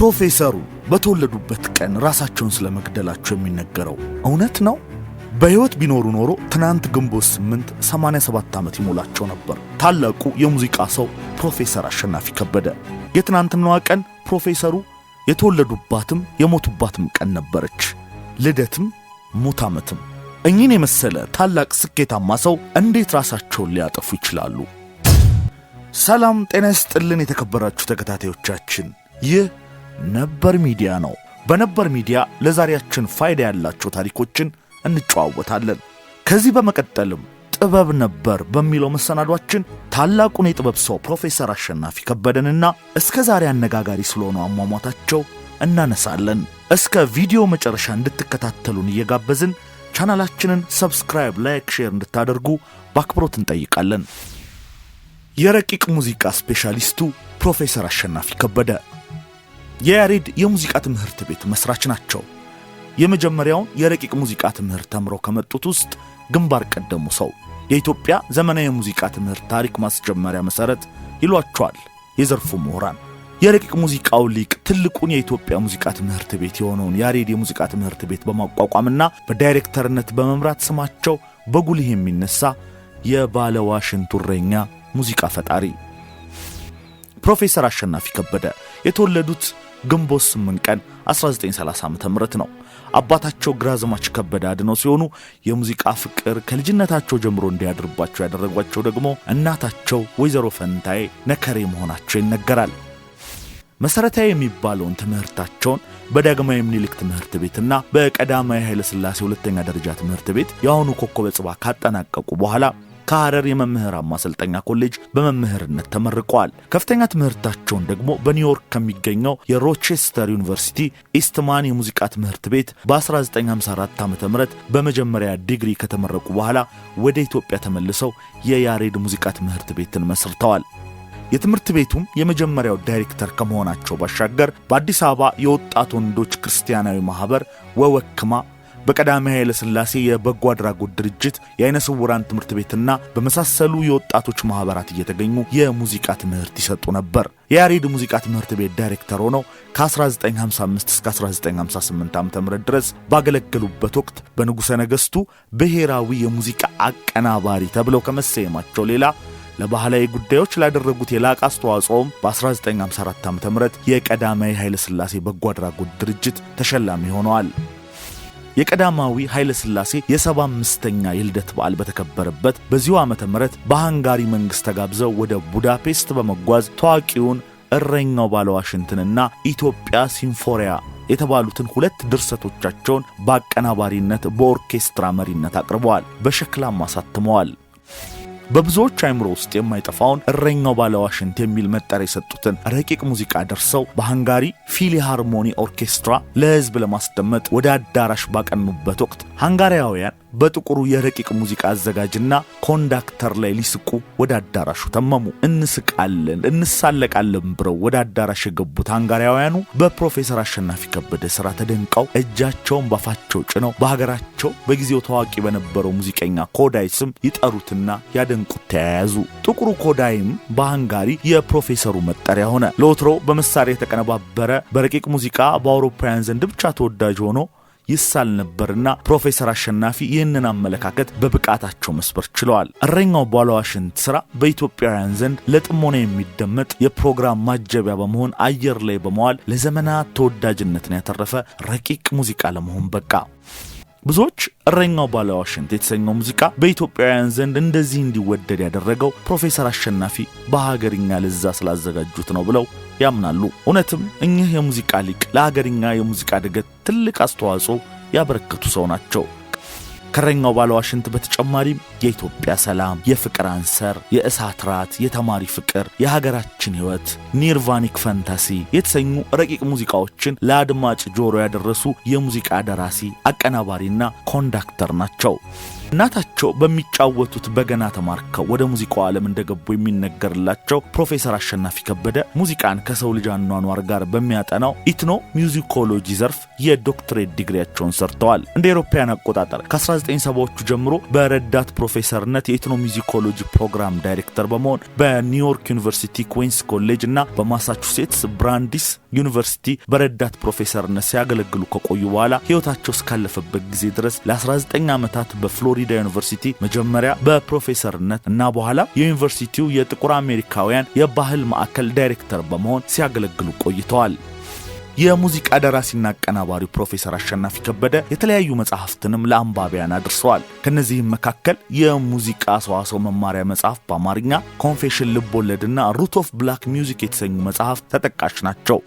ፕሮፌሰሩ በተወለዱበት ቀን ራሳቸውን ስለመግደላቸው የሚነገረው እውነት ነው? በሕይወት ቢኖሩ ኖሮ ትናንት ግንቦት 8 87 ዓመት ይሞላቸው ነበር። ታላቁ የሙዚቃ ሰው ፕሮፌሰር አሸናፊ ከበደ። የትናንትናዋ ቀን ፕሮፌሰሩ የተወለዱባትም የሞቱባትም ቀን ነበረች። ልደትም ሙት ዓመትም። እኚህን የመሰለ ታላቅ ስኬታማ ሰው እንዴት ራሳቸውን ሊያጠፉ ይችላሉ? ሰላም ጤና ይስጥልን የተከበራችሁ ተከታታዮቻችን ይህ ነበር ሚዲያ ነው። በነበር ሚዲያ ለዛሬያችን ፋይዳ ያላቸው ታሪኮችን እንጨዋወታለን። ከዚህ በመቀጠልም ጥበብ ነበር በሚለው መሰናዷችን ታላቁን የጥበብ ሰው ፕሮፌሰር አሸናፊ ከበደንና እስከ ዛሬ አነጋጋሪ ስለሆኑ አሟሟታቸው እናነሳለን። እስከ ቪዲዮ መጨረሻ እንድትከታተሉን እየጋበዝን ቻናላችንን ሰብስክራይብ፣ ላይክ፣ ሼር እንድታደርጉ በአክብሮት እንጠይቃለን። የረቂቅ ሙዚቃ ስፔሻሊስቱ ፕሮፌሰር አሸናፊ ከበደ የያሬድ የሙዚቃ ትምህርት ቤት መስራች ናቸው። የመጀመሪያውን የረቂቅ ሙዚቃ ትምህርት ተምረው ከመጡት ውስጥ ግንባር ቀደሙ ሰው የኢትዮጵያ ዘመናዊ የሙዚቃ ትምህርት ታሪክ ማስጀመሪያ መሰረት ይሏቸዋል የዘርፉ ምሁራን። የረቂቅ ሙዚቃው ሊቅ ትልቁን የኢትዮጵያ ሙዚቃ ትምህርት ቤት የሆነውን ያሬድ የሙዚቃ ትምህርት ቤት በማቋቋምና በዳይሬክተርነት በመምራት ስማቸው በጉልህ የሚነሳ የባለዋሽንቱ እረኛ ሙዚቃ ፈጣሪ ፕሮፌሰር አሸናፊ ከበደ የተወለዱት ግንቦት 8 ቀን 1930 ዓ.ም ነው። አባታቸው ግራዝማች ከበደ አድነው ሲሆኑ የሙዚቃ ፍቅር ከልጅነታቸው ጀምሮ እንዲያድርባቸው ያደረጓቸው ደግሞ እናታቸው ወይዘሮ ፈንታዬ ነከሬ መሆናቸው ይነገራል። መሰረታዊ የሚባለውን ትምህርታቸውን በዳግማዊ ምኒልክ ትምህርት ቤትና በቀዳማዊ ኃይለ ሥላሴ ሁለተኛ ደረጃ ትምህርት ቤት የአሁኑ ኮከበ ጽባ ካጠናቀቁ በኋላ ከሐረር የመምህራን ማሰልጠኛ ኮሌጅ በመምህርነት ተመርቀዋል። ከፍተኛ ትምህርታቸውን ደግሞ በኒውዮርክ ከሚገኘው የሮቼስተር ዩኒቨርሲቲ ኢስትማን የሙዚቃ ትምህርት ቤት በ1954 ዓ ም በመጀመሪያ ዲግሪ ከተመረቁ በኋላ ወደ ኢትዮጵያ ተመልሰው የያሬድ ሙዚቃ ትምህርት ቤትን መስርተዋል። የትምህርት ቤቱም የመጀመሪያው ዳይሬክተር ከመሆናቸው ባሻገር በአዲስ አበባ የወጣት ወንዶች ክርስቲያናዊ ማኅበር ወወክማ በቀዳማዊ ኃይለ ሥላሴ የበጎ አድራጎት ድርጅት የአይነ ስውራን ትምህርት ቤትና በመሳሰሉ የወጣቶች ማኅበራት እየተገኙ የሙዚቃ ትምህርት ይሰጡ ነበር። የያሬድ ሙዚቃ ትምህርት ቤት ዳይሬክተር ሆነው ከ1955 እስከ 1958 ዓ ም ድረስ ባገለገሉበት ወቅት በንጉሠ ነገሥቱ ብሔራዊ የሙዚቃ አቀናባሪ ተብለው ከመሰየማቸው ሌላ ለባህላዊ ጉዳዮች ላደረጉት የላቀ አስተዋጽኦም በ1954 ዓ ም የቀዳማዊ ኃይለ ሥላሴ በጎ አድራጎት ድርጅት ተሸላሚ ሆነዋል። የቀዳማዊ ኃይለ ሥላሴ የ75ኛ የልደት በዓል በተከበረበት በዚሁ ዓመተ ምህረት በሃንጋሪ መንግሥት ተጋብዘው ወደ ቡዳፔስት በመጓዝ ታዋቂውን እረኛው ባለ ዋሽንትንና ኢትዮጵያ ሲምፎሪያ የተባሉትን ሁለት ድርሰቶቻቸውን በአቀናባሪነት በኦርኬስትራ መሪነት አቅርበዋል፣ በሸክላም አሳትመዋል። በብዙዎች አይምሮ ውስጥ የማይጠፋውን እረኛው ባለዋሽንት የሚል መጠሪያ የሰጡትን ረቂቅ ሙዚቃ ደርሰው በሃንጋሪ ፊሊሃርሞኒ ኦርኬስትራ ለህዝብ ለማስደመጥ ወደ አዳራሽ ባቀኑበት ወቅት ሃንጋሪያውያን በጥቁሩ የረቂቅ ሙዚቃ አዘጋጅና ኮንዳክተር ላይ ሊስቁ ወደ አዳራሹ ተመሙ። እንስቃለን፣ እንሳለቃለን ብለው ወደ አዳራሽ የገቡት አንጋሪያውያኑ በፕሮፌሰር አሸናፊ ከበደ ስራ ተደንቀው እጃቸውን ባፋቸው ጭነው በሀገራቸው በጊዜው ታዋቂ በነበረው ሙዚቀኛ ኮዳይ ስም ይጠሩትና ያደንቁት ተያያዙ። ጥቁሩ ኮዳይም በሃንጋሪ የፕሮፌሰሩ መጠሪያ ሆነ። ለወትሮ በመሳሪያ የተቀነባበረ በረቂቅ ሙዚቃ በአውሮፓውያን ዘንድ ብቻ ተወዳጅ ሆኖ ይሳል ነበርና ፕሮፌሰር አሸናፊ ይህንን አመለካከት በብቃታቸው መስበር ችለዋል። እረኛው ባለዋሽንት ስራ በኢትዮጵያውያን ዘንድ ለጥሞና የሚደመጥ የፕሮግራም ማጀቢያ በመሆን አየር ላይ በመዋል ለዘመናት ተወዳጅነትን ያተረፈ ረቂቅ ሙዚቃ ለመሆን በቃ። ብዙዎች እረኛው ባለዋሽንት የተሰኘው ሙዚቃ በኢትዮጵያውያን ዘንድ እንደዚህ እንዲወደድ ያደረገው ፕሮፌሰር አሸናፊ በሀገርኛ ለዛ ስላዘጋጁት ነው ብለው ያምናሉ። እውነትም እኚህ የሙዚቃ ሊቅ ለሀገርኛ የሙዚቃ እድገት ትልቅ አስተዋጽኦ ያበረከቱ ሰው ናቸው። ከረኛው ባለዋሽንት በተጨማሪም የኢትዮጵያ ሰላም፣ የፍቅር አንሰር፣ የእሳት ራት፣ የተማሪ ፍቅር፣ የሀገራችን ህይወት ኒርቫኒክ ፈንታሲ የተሰኙ ረቂቅ ሙዚቃዎችን ለአድማጭ ጆሮ ያደረሱ የሙዚቃ ደራሲ አቀናባሪና ኮንዳክተር ናቸው። እናታቸው በሚጫወቱት በገና ተማርከው ወደ ሙዚቃው ዓለም እንደገቡ የሚነገርላቸው ፕሮፌሰር አሸናፊ ከበደ ሙዚቃን ከሰው ልጅ አኗኗር ጋር በሚያጠናው ኢትኖ ሚውዚኮሎጂ ዘርፍ የዶክትሬት ዲግሪያቸውን ሰርተዋል። እንደ ኤሮፓያን አቆጣጠር ከ1970ዎቹ ጀምሮ በረዳት ፕሮፌሰርነት የኢትኖ ሚውዚኮሎጂ ፕሮግራም ዳይሬክተር በመሆን በኒውዮርክ ዩኒቨርሲቲ ኩዊንስ ኮሌጅ እና በማሳቹሴትስ ብራንዲስ ዩኒቨርሲቲ በረዳት ፕሮፌሰርነት ሲያገለግሉ ከቆዩ በኋላ ሕይወታቸው እስካለፈበት ጊዜ ድረስ ለ19 ዓመታት በፍሎሪ ፍሎሪዳ ዩኒቨርሲቲ መጀመሪያ በፕሮፌሰርነት እና በኋላ የዩኒቨርሲቲው የጥቁር አሜሪካውያን የባህል ማዕከል ዳይሬክተር በመሆን ሲያገለግሉ ቆይተዋል። የሙዚቃ ደራሲና አቀናባሪው ፕሮፌሰር አሸናፊ ከበደ የተለያዩ መጽሐፍትንም ለአንባቢያን አድርሰዋል። ከእነዚህም መካከል የሙዚቃ ሰዋሰው መማሪያ መጽሐፍ በአማርኛ ኮንፌሽን ልቦለድና ሩት ኦፍ ብላክ ሚውዚክ የተሰኙ መጽሐፍት ተጠቃሽ ናቸው።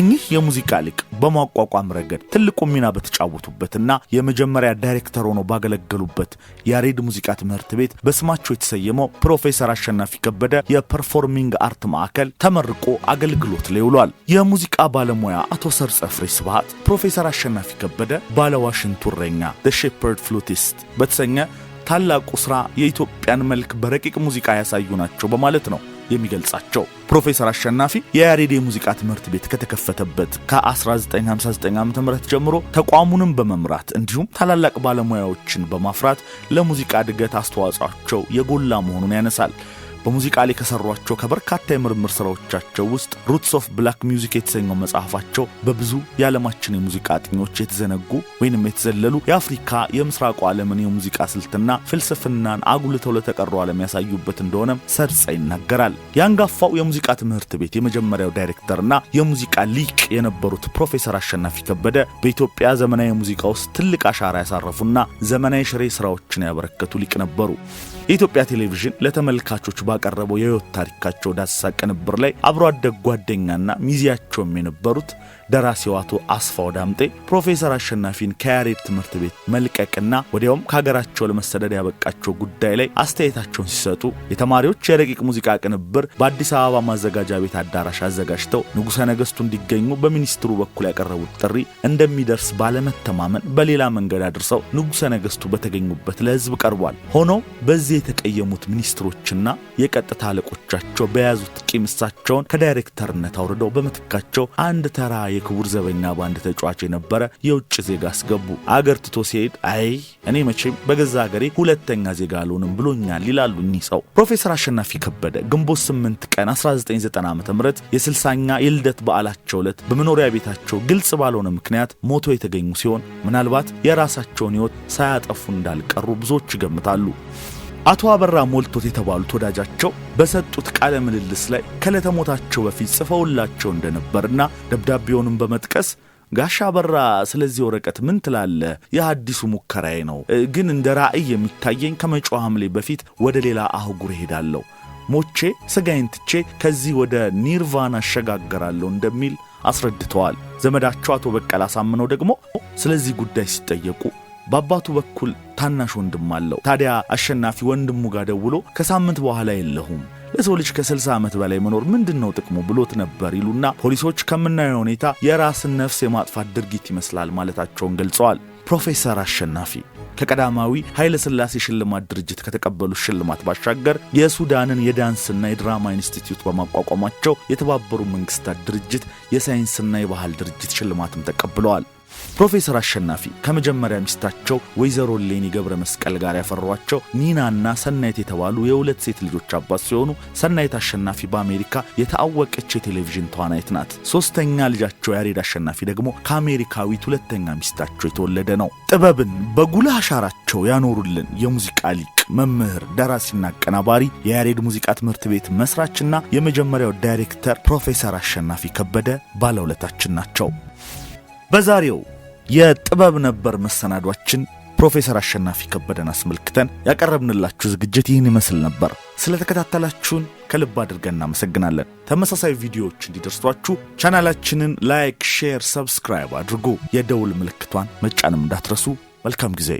እኚህ የሙዚቃ ሊቅ በማቋቋም ረገድ ትልቁ ሚና በተጫወቱበትና የመጀመሪያ ዳይሬክተር ሆነው ባገለገሉበት ያሬድ ሙዚቃ ትምህርት ቤት በስማቸው የተሰየመው ፕሮፌሰር አሸናፊ ከበደ የፐርፎርሚንግ አርት ማዕከል ተመርቆ አገልግሎት ላይ ውሏል። የሙዚቃ ባለሙያ አቶ ሰርጸ ፍሬ ስብሐት ፕሮፌሰር አሸናፊ ከበደ ባለዋሽንቱ እረኛ ደ ሼፐርድ ፍሉቲስት በተሰኘ ታላቁ ስራ የኢትዮጵያን መልክ በረቂቅ ሙዚቃ ያሳዩ ናቸው በማለት ነው የሚገልጻቸው። ፕሮፌሰር አሸናፊ የያሬድ የሙዚቃ ትምህርት ቤት ከተከፈተበት ከ1959 ዓ ም ጀምሮ ተቋሙንም በመምራት እንዲሁም ታላላቅ ባለሙያዎችን በማፍራት ለሙዚቃ እድገት አስተዋጽኦቸው የጎላ መሆኑን ያነሳል። በሙዚቃ ላይ ከሰሯቸው ከበርካታ የምርምር ስራዎቻቸው ውስጥ ሩትስ ኦፍ ብላክ ሚውዚክ የተሰኘው መጽሐፋቸው በብዙ የዓለማችን የሙዚቃ አጥኞች የተዘነጉ ወይንም የተዘለሉ የአፍሪካ የምስራቁ ዓለምን የሙዚቃ ስልትና ፍልስፍናን አጉልተው ለተቀረው ዓለም ያሳዩበት እንደሆነም ሰርጸ ይናገራል። የአንጋፋው የሙዚቃ ትምህርት ቤት የመጀመሪያው ዳይሬክተርና የሙዚቃ ሊቅ የነበሩት ፕሮፌሰር አሸናፊ ከበደ በኢትዮጵያ ዘመናዊ ሙዚቃ ውስጥ ትልቅ አሻራ ያሳረፉና ዘመናዊ ሽሬ ስራዎችን ያበረከቱ ሊቅ ነበሩ። የኢትዮጵያ ቴሌቪዥን ለተመልካቾች ባቀረበው የህይወት ታሪካቸው ዳሳ ቅንብር ላይ አብሮ አደግ ጓደኛና ሚዜያቸውም የነበሩት ደራሲው አቶ አስፋው ዳምጤ ፕሮፌሰር አሸናፊን ከያሬድ ትምህርት ቤት መልቀቅና ወዲያውም ከሀገራቸው ለመሰደድ ያበቃቸው ጉዳይ ላይ አስተያየታቸውን ሲሰጡ የተማሪዎች የረቂቅ ሙዚቃ ቅንብር በአዲስ አበባ ማዘጋጃ ቤት አዳራሽ አዘጋጅተው ንጉሠ ነገሥቱ እንዲገኙ በሚኒስትሩ በኩል ያቀረቡት ጥሪ እንደሚደርስ ባለመተማመን በሌላ መንገድ አድርሰው ንጉሠ ነገሥቱ በተገኙበት ለሕዝብ ቀርቧል። ሆኖ በዚህ የተቀየሙት ሚኒስትሮችና የቀጥታ አለቆቻቸው በያዙት ቂም እሳቸውን ከዳይሬክተርነት አውርደው በምትካቸው አንድ ተራ የክቡር ዘበኛ ባንድ ተጫዋች የነበረ የውጭ ዜጋ አስገቡ። አገር ትቶ ሲሄድ አይ እኔ መቼም በገዛ አገሬ ሁለተኛ ዜጋ አልሆንም ብሎኛል ይላሉ እኚህ ሰው። ፕሮፌሰር አሸናፊ ከበደ ግንቦት 8 ቀን 1990 ዓ ም የ60ኛ የልደት በዓላቸው ዕለት በመኖሪያ ቤታቸው ግልጽ ባልሆነ ምክንያት ሞቶ የተገኙ ሲሆን ምናልባት የራሳቸውን ሕይወት ሳያጠፉ እንዳልቀሩ ብዙዎች ይገምታሉ። አቶ አበራ ሞልቶት የተባሉት ወዳጃቸው በሰጡት ቃለ ምልልስ ላይ ከለተሞታቸው በፊት ጽፈውላቸው እንደነበርና ደብዳቤውንም በመጥቀስ ጋሻ አበራ ስለዚህ ወረቀት ምን ትላለ? የአዲሱ ሙከራዬ ነው፣ ግን እንደ ራእይ የሚታየኝ ከመጪው ሐምሌ በፊት ወደ ሌላ አህጉር እሄዳለሁ፣ ሞቼ ሥጋዬን ትቼ ከዚህ ወደ ኒርቫን አሸጋገራለሁ እንደሚል አስረድተዋል። ዘመዳቸው አቶ በቀል አሳምነው ደግሞ ስለዚህ ጉዳይ ሲጠየቁ በአባቱ በኩል ታናሽ ወንድም አለው። ታዲያ አሸናፊ ወንድሙ ጋር ደውሎ ከሳምንት በኋላ የለሁም ለሰው ልጅ ከ60 ዓመት በላይ መኖር ምንድን ነው ጥቅሙ ብሎት ነበር ይሉና ፖሊሶች ከምናየው ሁኔታ የራስን ነፍስ የማጥፋት ድርጊት ይመስላል ማለታቸውን ገልጸዋል። ፕሮፌሰር አሸናፊ ከቀዳማዊ ኃይለ ሥላሴ ሽልማት ድርጅት ከተቀበሉ ሽልማት ባሻገር የሱዳንን የዳንስና የድራማ ኢንስቲትዩት በማቋቋማቸው የተባበሩ መንግስታት ድርጅት የሳይንስና የባህል ድርጅት ሽልማትም ተቀብለዋል። ፕሮፌሰር አሸናፊ ከመጀመሪያ ሚስታቸው ወይዘሮ ሌኒ ገብረ መስቀል ጋር ያፈሯቸው ኒናና ሰናይት የተባሉ የሁለት ሴት ልጆች አባት ሲሆኑ ሰናይት አሸናፊ በአሜሪካ የታወቀች የቴሌቪዥን ተዋናይት ናት። ሶስተኛ ልጃቸው ያሬድ አሸናፊ ደግሞ ከአሜሪካዊት ሁለተኛ ሚስታቸው የተወለደ ነው። ጥበብን በጉልህ አሻራቸው ያኖሩልን የሙዚቃ ሊቅ፣ መምህር፣ ደራሲና አቀናባሪ የያሬድ ሙዚቃ ትምህርት ቤት መስራችና የመጀመሪያው ዳይሬክተር ፕሮፌሰር አሸናፊ ከበደ ባለውለታችን ናቸው። በዛሬው የጥበብ ነበር መሰናዷችን ፕሮፌሰር አሸናፊ ከበደን አስመልክተን ያቀረብንላችሁ ዝግጅት ይህን ይመስል ነበር። ስለተከታተላችሁን ከልብ አድርገን እናመሰግናለን። ተመሳሳይ ቪዲዮዎች እንዲደርሷችሁ ቻናላችንን ላይክ፣ ሼር፣ ሰብስክራይብ አድርጉ። የደውል ምልክቷን መጫንም እንዳትረሱ። መልካም ጊዜ